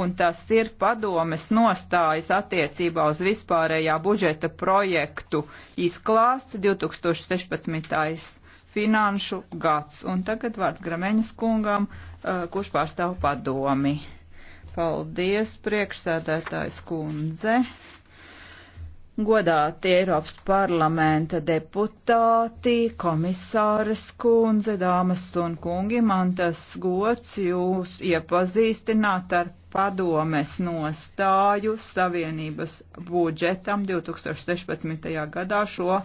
un tas ir padomes nostājas attiecībā uz vispārējā budžeta projektu izklāsts 2016. finanšu gads. Un tagad vārds Grameņas kungam, eh, kurš pārstāv padomi. Paldies, priekšsēdētājs kundze. Godāti Eiropas parlamenta deputāti, komisāres kundze, dāmas un kungi, man tas gods jūs iepazīstināt ar padomes nostāju Savienības budžetam 2016. gadā šo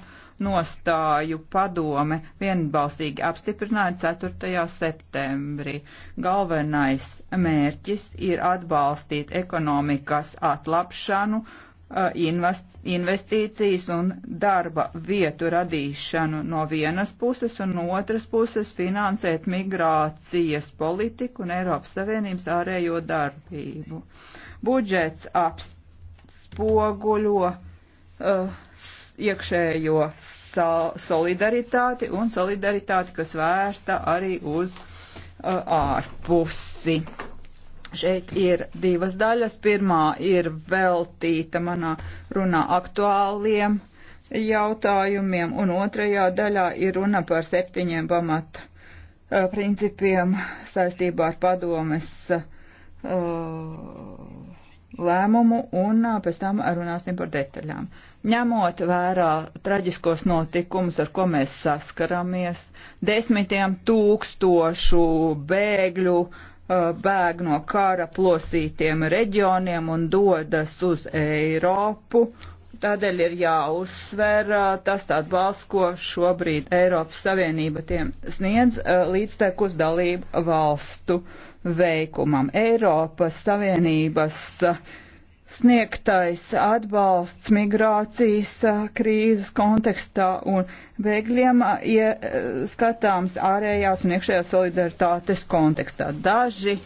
nostāju padome vienbalsīgi apstiprināja 4. septembrī. Galvenais mērķis ir atbalstīt ekonomikas atlapšanu, investīcijas un darba vietu radīšanu no vienas puses un no otras puses finansēt migrācijas politiku un Eiropas Savienības ārējo darbību. Budžets apspoguļo uh, iekšējo solidaritāti un solidaritāti, kas vērsta arī uz uh, ārpusi. Šeit ir divas daļas. Pirmā ir veltīta manā runā aktuāliem jautājumiem, un otrajā daļā ir runa par septiņiem pamata eh, principiem saistībā ar padomes eh, lēmumu, un eh, pēc tam runāsim par detaļām. Ņemot vērā traģiskos notikumus, ar ko mēs saskaramies, desmitiem tūkstošu bēgļu, uh, Uh, bēg no kara plosītiem reģioniem un dodas uz Eiropu. Tādēļ ir jāuzsver uh, tas atbalsts, ko šobrīd Eiropas Savienība tiem sniedz uh, līdztekus dalību valstu veikumam. Eiropas Savienības uh, sniegtais atbalsts migrācijas krīzes kontekstā un bēgļiem e, skatāms ārējās un iekšējās solidaritātes kontekstā. Daži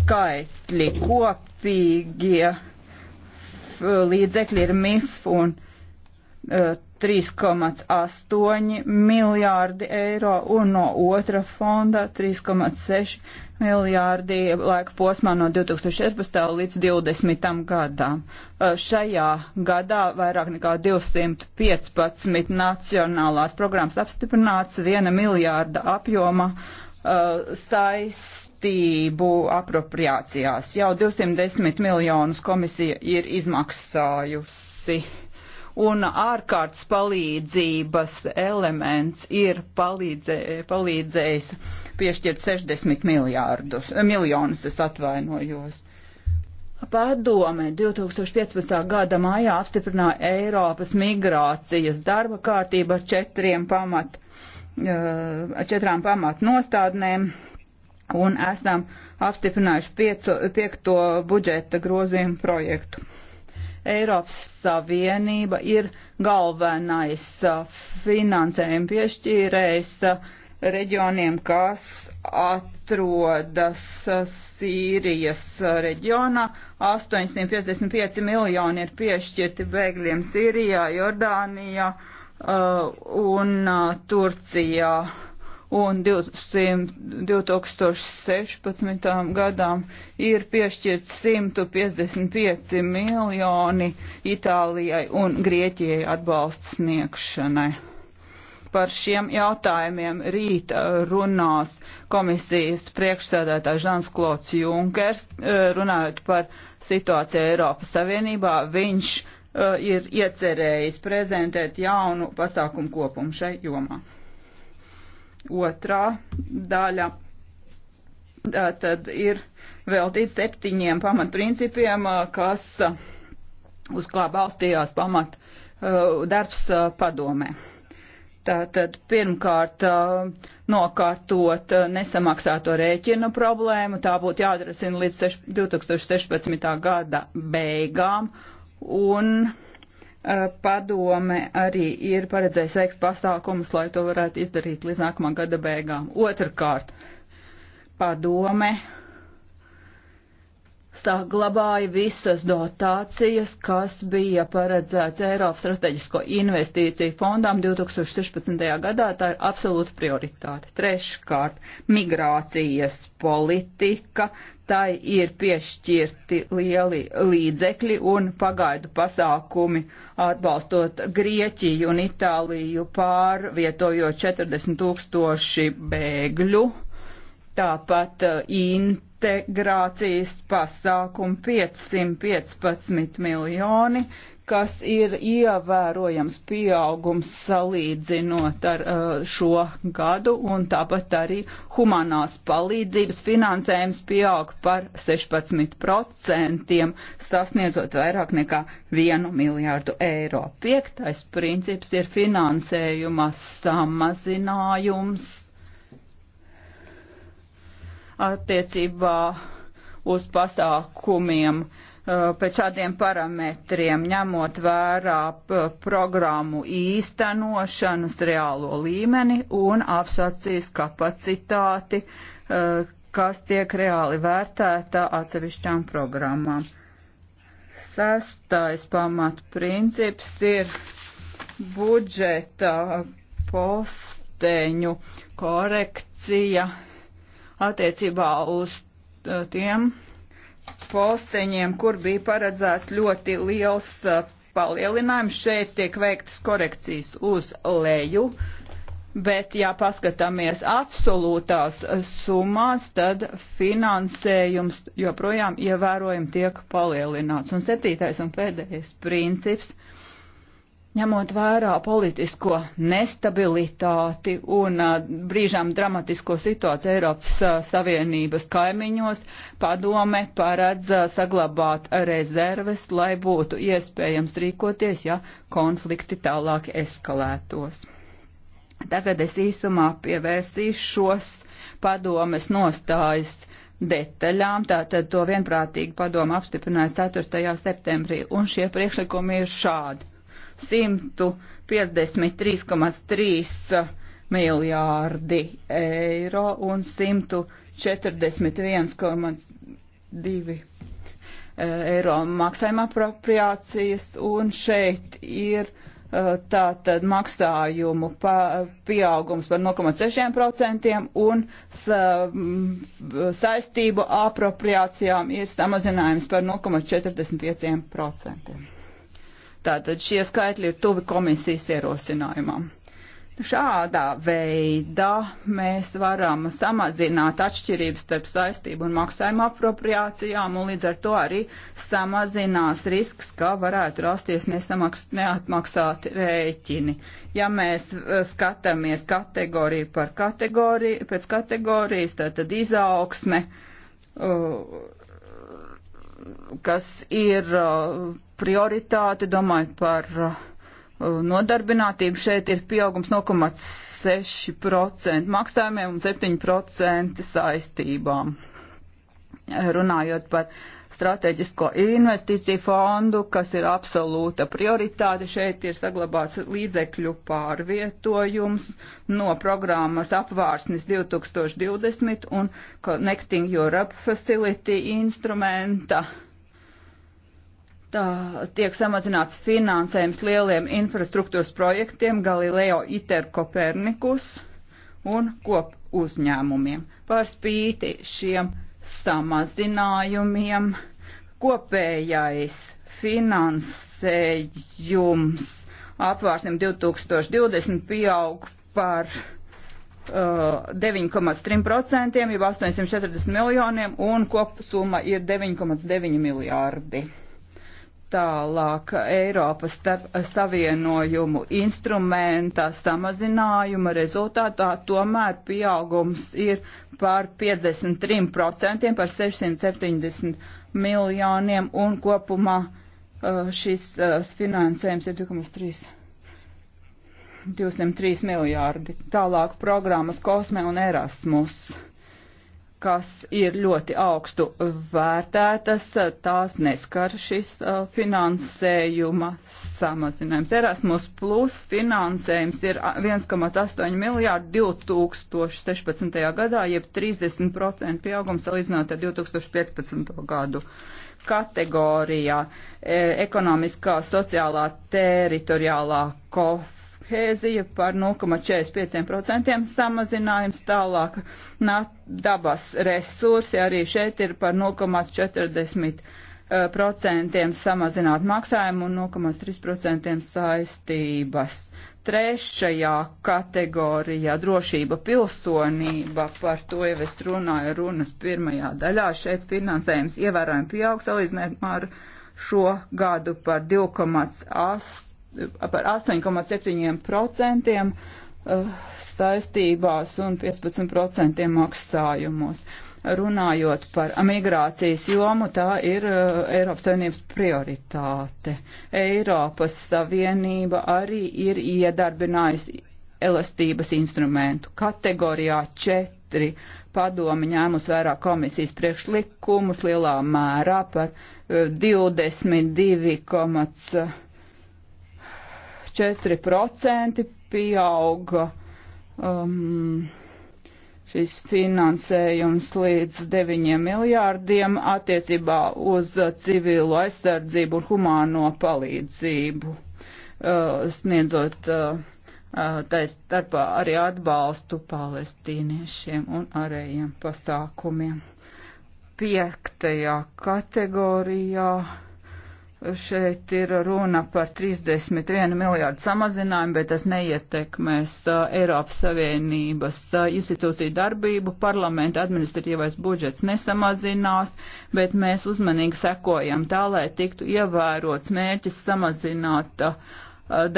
skaitļi kopīgie līdzekļi ir MIF un 3,8 e, miljārdi eiro un no otra fonda 3,6 miljārdi miljārdi laika posmā no 2014. līdz 2020. gadam. Šajā gadā vairāk nekā 215 nacionālās programmas apstiprināts viena miljārda apjoma saistību apropriācijās. Jau 210 miljonus komisija ir izmaksājusi un ārkārtas palīdzības elements ir palīdzē, palīdzējis piešķirt 60 miljārdus, miljonus, es atvainojos. Padome 2015. gada maijā apstiprināja Eiropas migrācijas darba kārtību ar četriem pamat, eh, četrām pamatnostādnēm un esam apstiprinājuši pieco, piekto budžeta grozījumu projektu. Eiropas Savienība ir galvenais uh, finansējuma piešķīrējs uh, reģioniem, kas atrodas uh, Sīrijas reģionā. 855 miljoni ir piešķirti bēgļiem Sīrijā, Jordānijā uh, un uh, Turcijā un 200, 2016. gadām ir piešķirts 155 miljoni Itālijai un Grieķijai atbalsts sniegšanai. Par šiem jautājumiem rīt uh, runās komisijas priekšsēdētājs Žans Klots Junkers, uh, runājot par situāciju Eiropas Savienībā. Viņš uh, ir iecerējis prezentēt jaunu pasākumu kopumu šai jomā otrā daļa. Tā tad ir veltīts septiņiem pamatprincipiem, kas uz kā balstījās pamat darbs padomē. Tātad pirmkārt nokārtot nesamaksāto rēķinu problēmu, tā būtu jāatrasina līdz 2016. gada beigām un Padome arī ir paredzējis veikt pasākumus, lai to varētu izdarīt līdz nākamā gada beigām. Otrakārt, padome saglabāja visas dotācijas, kas bija paredzēts Eiropas strateģisko investīciju fondām 2016. gadā. Tā ir absolūta prioritāte. Treškārt, migrācijas politika. Tai ir piešķirti lieli līdzekļi un pagaidu pasākumi atbalstot Grieķiju un Itāliju pārvietojot 40 tūkstoši bēgļu tāpat uh, integrācijas pasākumu 515 miljoni, kas ir ievērojams pieaugums salīdzinot ar uh, šo gadu, un tāpat arī humanās palīdzības finansējums pieaug par 16%, sasniedzot vairāk nekā 1 miljārdu eiro. Piektais princips ir finansējuma samazinājums attiecībā uz pasākumiem uh, pēc šādiem parametriem, ņemot vērā uh, programmu īstenošanas reālo līmeni un absorpcijas kapacitāti, uh, kas tiek reāli vērtēta atsevišķām programmām. Sestais pamatprincips ir budžeta posteņu korekcija attiecībā uz uh, tiem posteņiem, kur bija paredzēts ļoti liels uh, palielinājums. Šeit tiek veiktas korekcijas uz leju, bet ja paskatāmies absolūtās uh, summās, tad finansējums joprojām ievērojami tiek palielināts. Un septītais un pēdējais princips ņemot vērā politisko nestabilitāti un brīžām dramatisko situāciju Eiropas Savienības kaimiņos, padome paredz saglabāt rezerves, lai būtu iespējams rīkoties, ja konflikti tālāk eskalētos. Tagad es īsumā pievērsīšos padomes nostājas detaļām. Tātad to vienprātīgi padomu apstiprināja 4. septembrī, un šie priekšlikumi ir šādi. 153,3 miljārdi eiro un 141,2 e, eiro maksājuma apropriācijas, un šeit ir e, tātad maksājumu pa, pieaugums par 0,6% un sa, saistību apropriācijām ir samazinājums par 0,45%. Tātad šie skaitļi ir tuvi komisijas ierosinājumam. Šādā veidā mēs varam samazināt atšķirības starp saistību un maksājumu apropriācijām, un līdz ar to arī samazinās risks, ka varētu rasties nesamaks, neatmaksāti rēķini. Ja mēs eh, skatāmies kategoriju par kategoriju, pēc kategorijas, tad, tad izaugsme. Uh, kas ir uh, prioritāte, domājot par uh, nodarbinātību, šeit ir pieaugums 0,6% maksājumiem un 7% saistībām. Runājot par strateģisko investīciju fondu, kas ir absolūta prioritāte. Šeit ir saglabāts līdzekļu pārvietojums no programmas apvārsnes 2020 un Connecting Europe Facility instrumenta. Tā tiek samazināts finansējums lieliem infrastruktūras projektiem Galileo ITER Kopernikus un kop uzņēmumiem. Par spīti šiem samazinājumiem. Kopējais finansējums apvārsim 2020 pieaug par uh, 9,3% jau 840 miljoniem un kopsumma ir 9,9 miljārdi tālāk Eiropas Savienojumu instrumenta samazinājuma rezultātā tomēr pieaugums ir par 53%, par 670 miljoniem un kopumā uh, šis uh, finansējums ir 2,3. 203 miljārdi. Tālāk programmas Kosme un Erasmus kas ir ļoti augstu vērtētas, tās neskar šis uh, finansējuma samazinājums. Erasmus Plus finansējums ir 1,8 uh, miljārdi 2016. gadā, jeb 30% pieaugums salīdzinot ar 2015. gadu kategorijā e, ekonomiskā, sociālā, teritoriālā kofa kohēzija par 0,45% samazinājums, tālāk dabas resursi arī šeit ir par 0,40% samazināt maksājumu un 0,3% saistības. Trešajā kategorijā drošība pilsonība, par to jau es runāju runas pirmajā daļā, šeit finansējums ievērojami pieaugs salīdzinājumā ar šo gadu par 2,8 par 8,7% eh, saistībās un 15% maksājumos. Runājot par migrācijas jomu, tā ir eh, Eiropas Savienības prioritāte. Eiropas Savienība arī ir iedarbinājusi elastības instrumentu kategorijā 4 padomi ņēmus vērā komisijas priekšlikumus lielā mērā par 22,5 eh, 4% pieauga um, šis finansējums līdz 9 miljārdiem attiecībā uz civilu aizsardzību un humāno palīdzību, uh, sniedzot uh, uh tā starpā arī atbalstu palestīniešiem un arējiem pasākumiem. Piektajā kategorijā Šeit ir runa par 31 miljārdu samazinājumu, bet tas neietekmēs Eiropas Savienības institūciju darbību. Parlamenta administratīvais budžets nesamazinās, bet mēs uzmanīgi sekojam tā, lai tiktu ievērots mērķis samazināt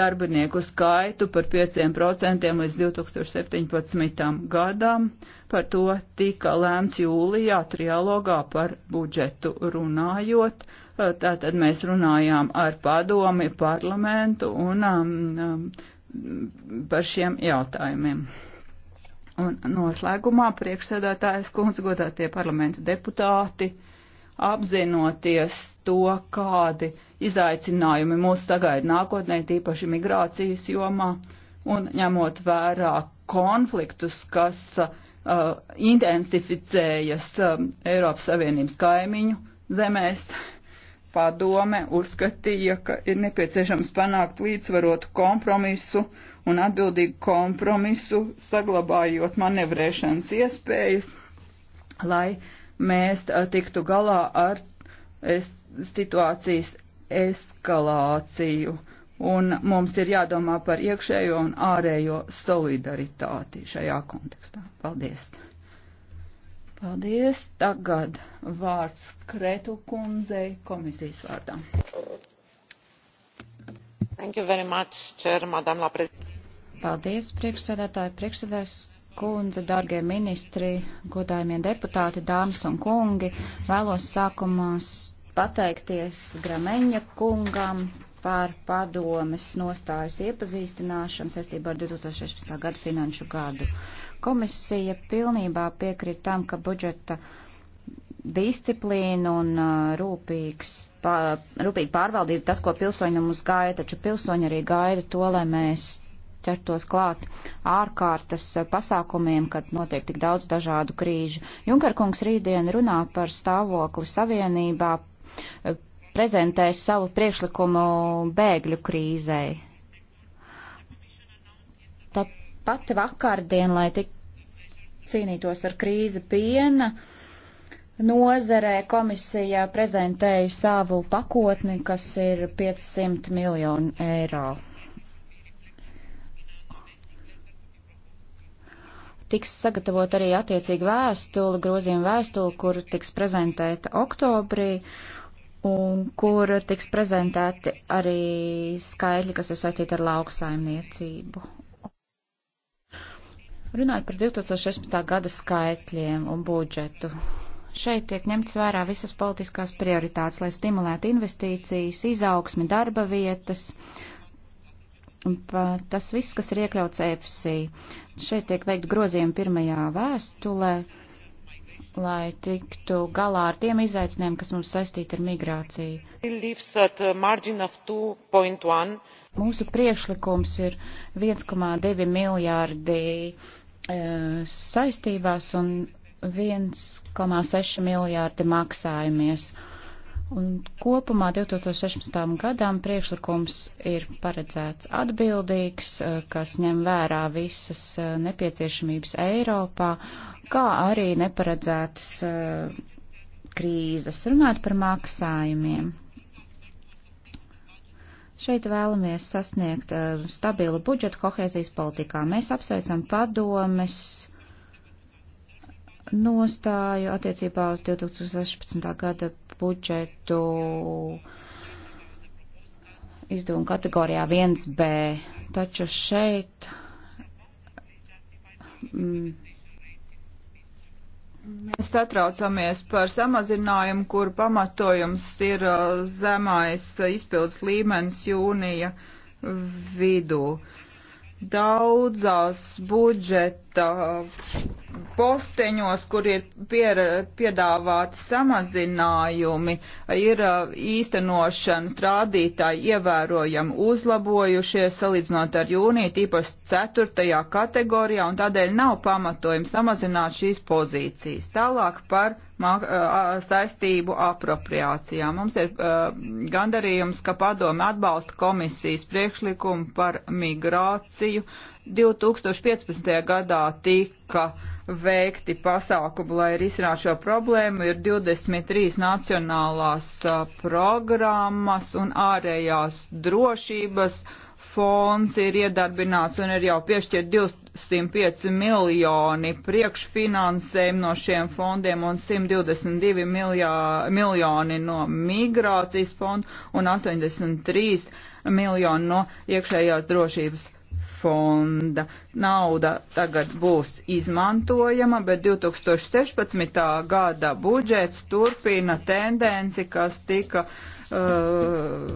darbinieku skaitu par 5% līdz 2017. gadam. Par to tika lēmts jūlijā trialogā par budžetu runājot Tātad mēs runājām ar padomi, parlamentu un um, um par šiem jautājumiem. Un noslēgumā priekšsēdētājas kundze godātie parlamenta deputāti apzinoties to, kādi izaicinājumi mūs sagaida nākotnē, tīpaši migrācijas jomā, un ņemot vērā konfliktus, kas uh, intensificējas uh, Eiropas Savienības kaimiņu zemēs, uh, padome uzskatīja, ka ir nepieciešams panākt līdzsvarotu kompromisu un atbildīgu kompromisu, saglabājot manevrēšanas iespējas, lai mēs tiktu galā ar es, situācijas eskalāciju. Un mums ir jādomā par iekšējo un ārējo solidaritāti šajā kontekstā. Paldies! Paldies. Tagad vārds Kretu kundzei komisijas vārdā. Thank you very much, Chair, Madam la Paldies, priekšsēdētāji, priekšsēdēs kundze, dargie ministri, godājumie deputāti, dāmas un kungi. Vēlos sākumā pateikties Grameņa kungam par padomes nostājas iepazīstināšanu saistībā ar 2016. gadu finanšu gadu. Komisija pilnībā piekrīt tam, ka budžeta disciplīna un uh, rūpīgs, pā, rūpīga pārvaldība tas, ko pilsoņi no mums gaida, taču pilsoņi arī gaida to, lai mēs ķertos klāt ārkārtas uh, pasākumiem, kad notiek tik daudz dažādu krīžu. Junkerkungs rītdien runā par stāvokli savienībā, uh, prezentēs savu priekšlikumu bēgļu krīzei pati vakardien, lai tik cīnītos ar krīzi piena nozerē, komisija prezentēja savu pakotni, kas ir 500 miljonu eiro. Tiks sagatavot arī attiecīgi vēstuli, grozījuma vēstuli, kur tiks prezentēta oktobrī un kur tiks prezentēti arī skaidri, kas ir saistīti ar lauksaimniecību Runājot par 2016. gada skaitļiem un budžetu, šeit tiek ņemts vērā visas politiskās prioritātes, lai stimulētu investīcijas, izaugsmi, darba vietas, tas viss, kas ir iekļauts EFSI. Šeit tiek veikt grozījumi pirmajā vēstulē, lai tiktu galā ar tiem izaicinājumiem, kas mums saistīti ar migrāciju. Mūsu priekšlikums ir 1,2 miljārdi E, saistībās un 1,6 miljārdi maksājumies. Un kopumā 2016. gadam priekšlikums ir paredzēts atbildīgs, e, kas ņem vērā visas e, nepieciešamības Eiropā, kā arī neparedzētas krīzes, runāt par maksājumiem. Šeit vēlamies sasniegt uh, stabilu budžetu kohēzijas politikā. Mēs apsveicam padomes nostāju attiecībā uz 2016. gada budžetu izdevumu kategorijā 1B. Taču šeit mm, Mēs satraucamies par samazinājumu, kur pamatojums ir uh, zemais izpildes līmenis jūnija vidū. Daudzās budžeta budžeta posteņos, kur ir pier, piedāvāti samazinājumi, ir īstenošanas rādītāji ievērojami uzlabojušies salīdzinot ar jūniju, tīpaši ceturtajā kategorijā, un tādēļ nav pamatojumi samazināt šīs pozīcijas. Tālāk par saistību apropriācijā. Mums ir uh, gandarījums, ka padome atbalsta komisijas priekšlikumu par migrāciju 2015. gadā tika veikti pasākumi, lai risinātu šo problēmu, ir 23 nacionālās programmas un ārējās drošības fonds ir iedarbināts un ir jau piešķirt 205 miljoni priekšfinansējumu no šiem fondiem un 122 miljā, miljoni no migrācijas fonda un 83 miljoni no iekšējās drošības fonda fonda. Nauda tagad būs izmantojama, bet 2016. gada budžets turpina tendenci, kas tika uh,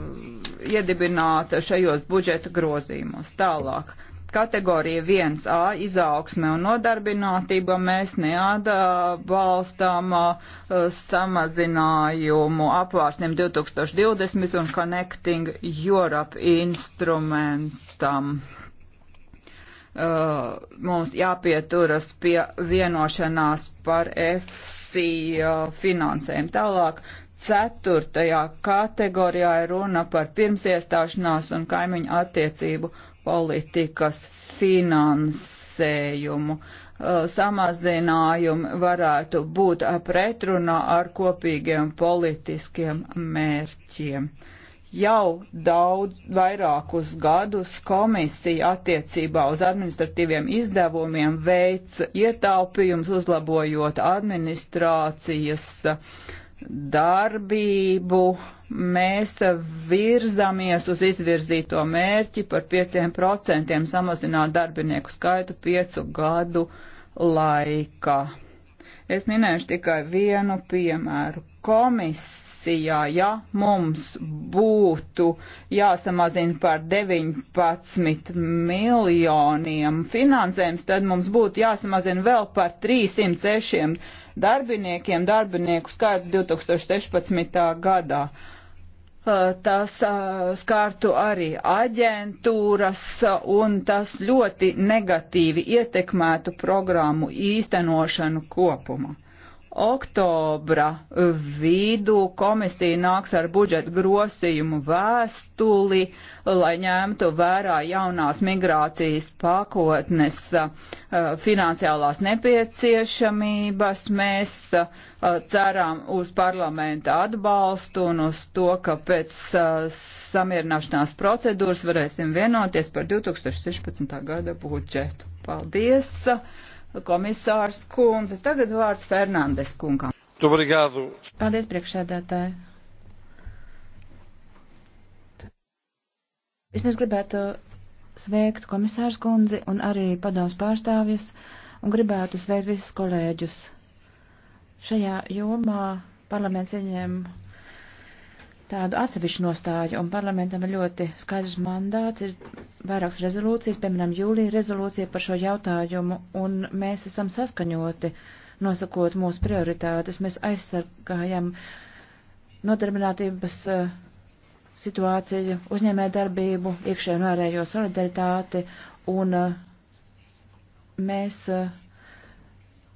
iedibināta šajos budžeta grozījumos. Tālāk. Kategorija 1A izaugsme un nodarbinātība mēs neatbalstām uh, samazinājumu apvārsniem 2020 un Connecting Europe instrumentam. Uh, mums jāpieturas pie vienošanās par FC uh, finansēm. Tālāk, ceturtajā kategorijā ir runa par pirmsiestāšanās un kaimiņu attiecību politikas finansējumu. Uh, samazinājumi varētu būt pretrunā ar kopīgiem politiskiem mērķiem. Uh, Jau daudz vairākus gadus komisija attiecībā uz administratīviem izdevumiem veic ietaupījums, uzlabojot administrācijas darbību. Mēs virzamies uz izvirzīto mērķi par 5% samazināt darbinieku skaitu piecu gadu laikā. Es minēšu tikai vienu piemēru. Komis komisijā, ja mums būtu jāsamazina par 19 miljoniem finansējums, tad mums būtu jāsamazina vēl par 306 darbiniekiem darbinieku skaits 2016. gadā tas skārtu arī aģentūras, un tas ļoti negatīvi ietekmētu programmu īstenošanu kopumā oktobra vidū komisija nāks ar budžeta grosījumu vēstuli, lai ņemtu vērā jaunās migrācijas pakotnes eh, finansiālās nepieciešamības. Mēs eh, ceram uz parlamenta atbalstu un uz to, ka pēc eh, samierināšanās procedūras varēsim vienoties par 2016. gada budžetu. Paldies! komisārs kundze. Tagad vārds Fernandes kungam. Obrigado. Paldies, priekšsēdētāji. Vismaz gribētu sveikt komisārs kundzi un arī padomus pārstāvjus un gribētu sveikt visus kolēģus. Šajā jomā parlaments ieņēma tādu atsevišķu nostāju, un parlamentam ir ļoti skaidrs mandāts, ir vairākas rezolūcijas, piemēram, jūlija rezolūcija par šo jautājumu, un mēs esam saskaņoti, nosakot mūsu prioritātes, mēs aizsargājam nodarbinātības eh, situāciju, uzņēmē darbību, iekšējo un ārējo solidaritāti, un eh, mēs uh,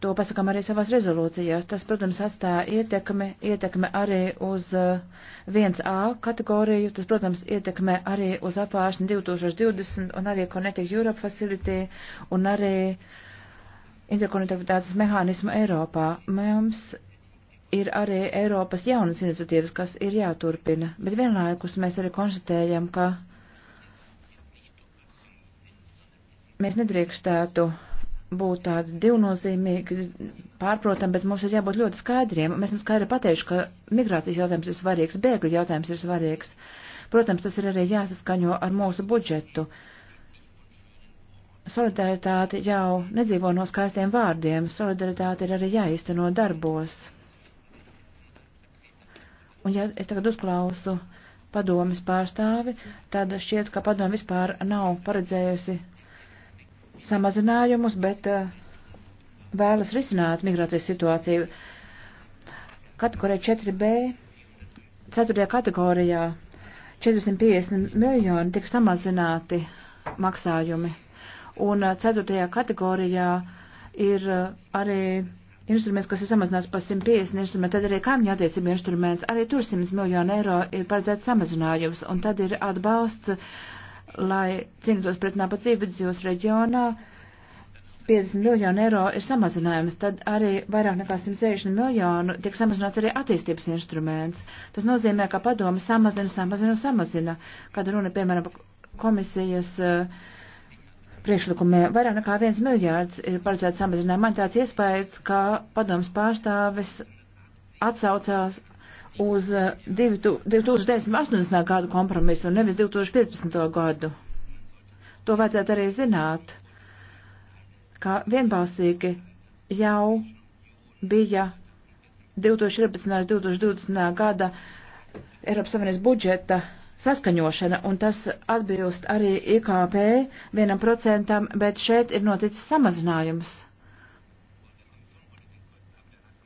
To pasakām arī savās rezolūcijās. Tas, protams, atstāja ietekmi, ietekmi arī uz 1A eh, kategoriju, tas, protams, ietekmē arī uz apvāršanu 2020 un arī Connecting Europe Facility un arī interkonektivitātes mehānismu Eiropā. Mums ir arī Eiropas jaunas iniciatīvas, kas ir jāturpina, bet vienlaikus mēs arī konstatējam, ka mēs nedrīkstētu būt tādi divnozīmīgi, pārprotam, bet mums ir jābūt ļoti skaidriem. Mēs esam skaidri pateikuši, ka migrācijas jautājums ir svarīgs, bēgļu jautājums ir svarīgs. Protams, tas ir arī jāsaskaņo ar mūsu budžetu. Solidaritāte jau nedzīvo no skaistiem vārdiem, solidaritāte ir arī jāizteno darbos. Un ja es tagad uzklausu padomis pārstāvi, tad šķiet, ka padomi vispār nav paredzējusi samazinājumus, bet eh, vēlas risināt migrācijas situāciju. Kategorija 4B, 4. kategorijā 450 miljoni tiks samazināti maksājumi. Un 4. Eh, kategorijā ir eh, arī instruments, kas ir samazināts par 150 instrumentu, tad arī kaimiņu attiecību instruments, arī tur 100 miljonu eiro ir paredzēts samazinājums, un tad ir atbalsts lai cīnītos pret nabadzību vidusjūras reģionā. 50 miljonu eiro ir samazinājums, tad arī vairāk nekā 160 miljonu tiek samazināts arī attīstības instruments. Tas nozīmē, ka padomi samazina, samazina un samazina, kad runa, piemēram, komisijas uh, priekšlikumiem. Vairāk nekā 1 miljārds ir paredzēts samazinājumam. Man tāds iespējas, ka padoms pārstāvis atsaucās uz 2018. Eh, gadu kompromisu un nevis 2015. gadu. To vajadzētu arī zināt, ka vienbalsīgi jau bija 2014. un 2020. gada Eiropas Savienības budžeta saskaņošana, un tas atbilst arī IKP vienam procentam, bet šeit ir noticis samazinājums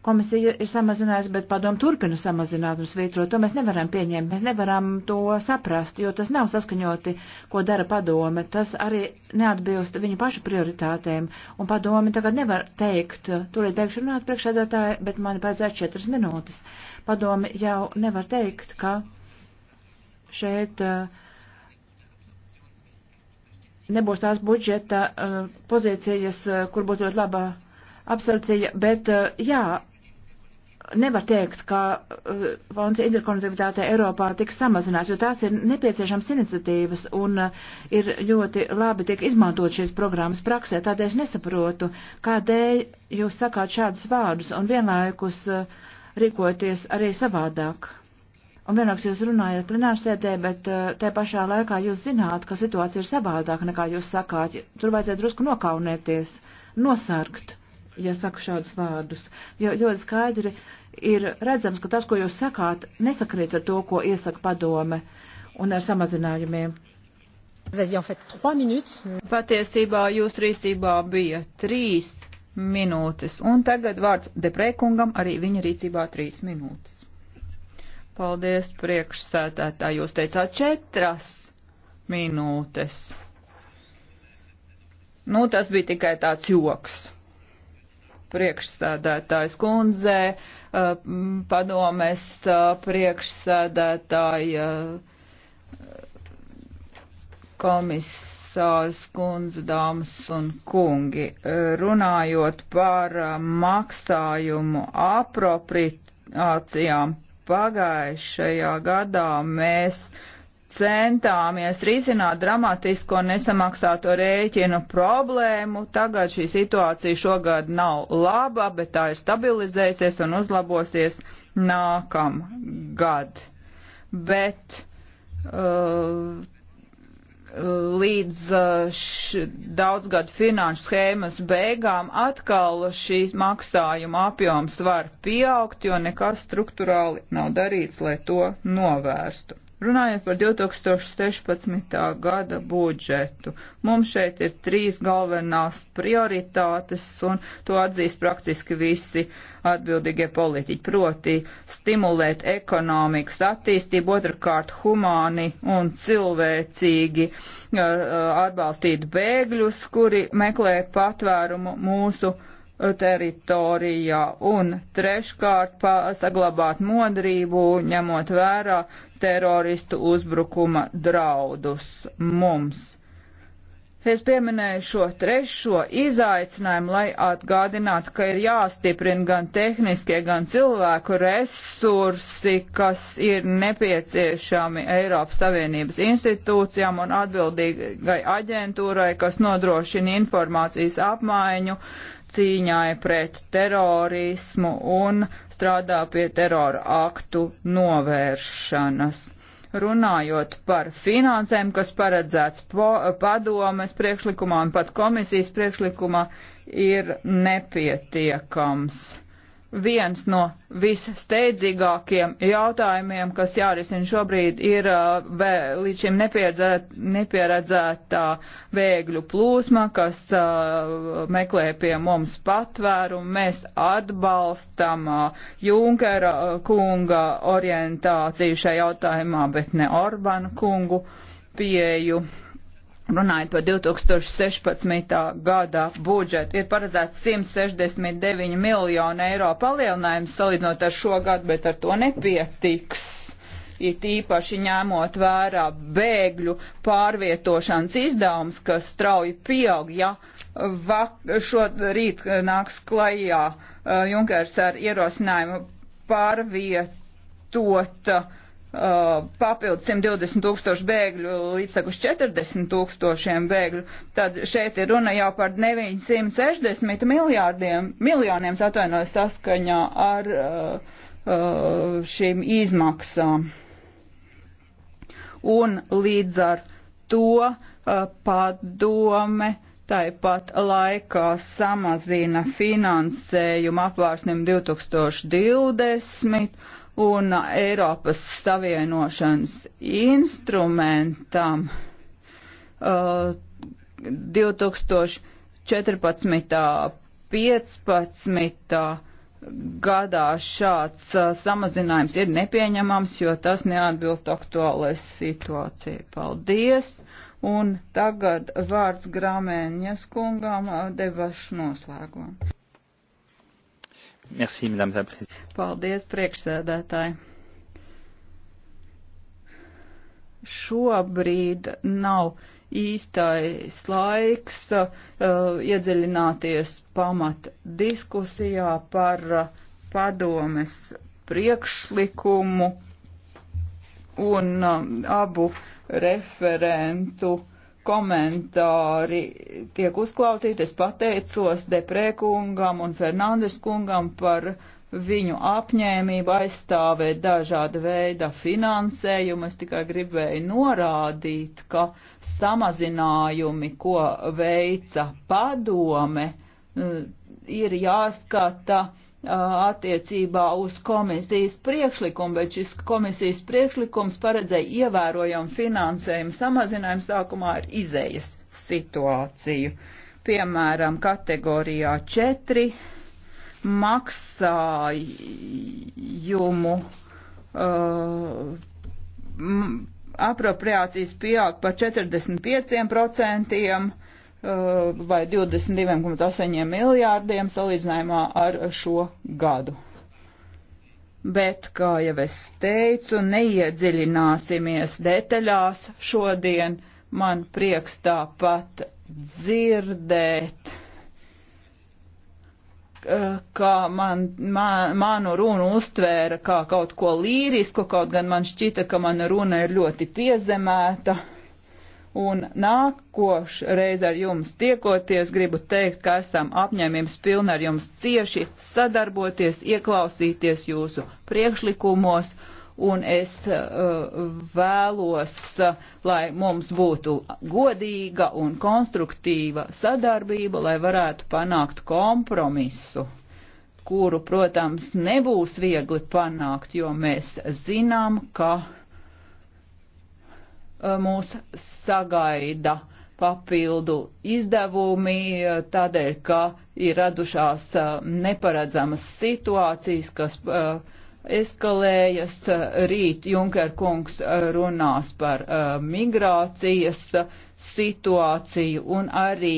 Komisija ir samazinājusi, bet padomu turpina samazināt un svītrot. To mēs nevaram pieņemt, mēs nevaram to saprast, jo tas nav saskaņoti, ko dara padome. Tas arī neatbilst viņu pašu prioritātēm. Un padome tagad nevar teikt, tūlīt beigšu runāt priekšsēdētāji, bet man paredzēt četras minūtes. Padome jau nevar teikt, ka šeit. Uh, nebūs tās budžeta uh, pozīcijas, uh, kur būtu ļoti laba absorpcija, bet uh, jā, nevar teikt, ka uh, fonds interkonektivitātei Eiropā tiks samazināts, jo tās ir nepieciešams iniciatīvas un uh, ir ļoti labi tiek izmantot šīs programmas praksē. Tādēļ es nesaprotu, kādēļ jūs sakāt šādus vārdus un vienlaikus uh, rīkoties arī savādāk. Un vienlaikus jūs runājat plenārsēdē, bet uh, te pašā laikā jūs zināt, ka situācija ir savādāka nekā jūs sakāt. Tur vajadzētu drusku nokaunēties, nosargt ja saku šādus vārdus, jo ļoti skaidri ir redzams, ka tas, ko jūs sakāt, nesakrīt ar to, ko iesaka padome un ar samazinājumiem. Patiesībā jūs rīcībā bija trīs minūtes, un tagad vārds deprēkungam arī viņa rīcībā trīs minūtes. Paldies, priekšsētētā. Jūs teicāt četras minūtes. Nu, tas bija tikai tāds joks priekšsēdētājs kundzē, uh, padomēs uh, priekšsēdētāja uh, komisārs kundze, dāmas un kungi. Runājot par maksājumu apropriācijām pagājušajā gadā mēs centāmies risināt dramatisko nesamaksāto rēķinu problēmu. Tagad šī situācija šogad nav laba, bet tā ir stabilizējusies un uzlabosies nākamgad. Bet uh, līdz uh, daudzgadu finanšu schēmas beigām atkal šīs maksājuma apjoms var pieaugt, jo nekas struktūrāli nav darīts, lai to novērstu Runājot par 2016. gada budžetu, mums šeit ir trīs galvenās prioritātes, un to atzīst praktiski visi atbildīgie politiķi. Proti stimulēt ekonomikas attīstību, otrkārt humāni un cilvēcīgi uh, uh, atbalstīt bēgļus, kuri meklē patvērumu mūsu teritorijā un treškārt saglabāt modrību, ņemot vērā teroristu uzbrukuma draudus mums. Es pieminēju šo trešo izaicinājumu, lai atgādinātu, ka ir jāstiprina gan tehniskie, gan cilvēku resursi, kas ir nepieciešami Eiropas Savienības institūcijām un atbildīgai aģentūrai, kas nodrošina informācijas apmaiņu cīņai pret terorismu un strādā pie terora aktu novēršanas. Runājot par finansēm, kas paredzēts padomes priekšlikumā un pat komisijas priekšlikumā, ir nepietiekams viens no vissteidzīgākiem jautājumiem, kas jārisina šobrīd, ir uh, vē, līdz šim nepieredzētā vēgļu plūsma, kas uh, meklē pie mums patvērumu. Mēs atbalstam uh, Junkera uh, kunga orientāciju šajā jautājumā, bet ne Orbanu kungu pieju. Runājot par 2016. gada budžetu, ir paredzēts 169 miljonu eiro palielinājums salīdzinot ar šo gadu, bet ar to nepietiks. Ir tīpaši ņemot vērā bēgļu pārvietošanas izdevums, kas strauji pieaug, ja šorīt nāks klajā uh, Junkers ar ierosinājumu pārvietot uh, Uh, papildus 120 tūkstoši bēgļu līdz sakus 40 tūkstošiem bēgļu, tad šeit ir runa jau par 960 miljārdiem, miljoniem atvainojas saskaņā ar uh, uh, šīm izmaksām. Un līdz ar to padome tāpat laikā samazina finansējumu apvārsnim 2020 un Eiropas Savienošanas instrumentam uh, 2014. 15. gadā šāds uh, samazinājums ir nepieņemams, jo tas neatbilst aktuālais situācijai. Paldies! Un tagad vārds Grāmēņas kungām uh, devašu noslēgumu. Merci, madame la présidente. Paldies, priekšsēdētāji. Šobrīd nav īstais laiks uh, iedziļināties pamat diskusijā par uh, padomes priekšlikumu un uh, abu referentu uh, komentāri tiek uzklausīti. Es pateicos Deprēkungam un Fernandes kungam par viņu apņēmību aizstāvēt dažāda veida finansējumu. Es tikai gribēju norādīt, ka samazinājumi, ko veica padome, mm, ir jāskata attiecībā uz komisijas priekšlikumu, bet šis komisijas priekšlikums paredzēja ievērojamu finansējumu samazinājumu sākumā ar izējas situāciju. Piemēram, kategorijā 4 maksājumu uh, apropriācijas pieaug par 45%, Uh, vai 22,8 miljārdiem salīdzinājumā ar šo gadu. Bet, kā jau es teicu, neiedziļināsimies detaļās šodien. Man prieks tāpat dzirdēt, ka man, man, manu runu uztvēra kā kaut ko līrisku, kaut gan man šķita, ka mana runa ir ļoti piezemēta. Uh, Un nākošreiz ar jums tiekoties, gribu teikt, ka esam apņēmības pilni ar jums cieši sadarboties, ieklausīties jūsu priekšlikumos, un es uh, vēlos, uh, lai mums būtu godīga un konstruktīva sadarbība, lai varētu panākt kompromisu kuru, protams, nebūs viegli panākt, jo mēs zinām, ka Uh, mūs sagaida papildu izdevumi, uh, tādēļ, ka ir radušās uh, neparedzamas situācijas, kas eskalējas. Rīt Junker kungs runās par migrācijas situāciju un arī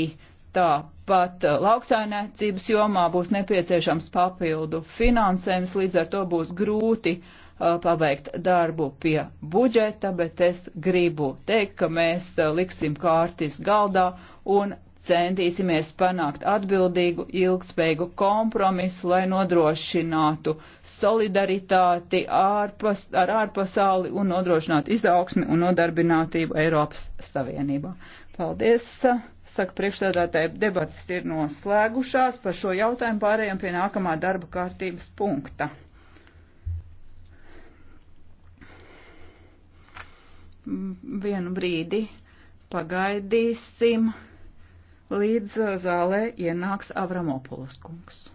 tāpat lauksainēcības jomā būs nepieciešams papildu finansējums, līdz ar to būs grūti uh, Uh, pabeigt darbu pie budžeta, bet es gribu teikt, ka mēs uh, liksim kārtis galdā un centīsimies panākt atbildīgu, ilgspējīgu kompromisu, lai nodrošinātu solidaritāti ārpas, ar ārpasauli un nodrošinātu izaugsmi un nodarbinātību Eiropas Savienībā. Paldies! Uh, saka priekšstādātāji, debatas ir noslēgušās. Par šo jautājumu pārējām pie nākamā darba kārtības punkta. Mm, vienu brīdi pagaidīsim, līdz uh, zālē ienāks Avramopulas kungs.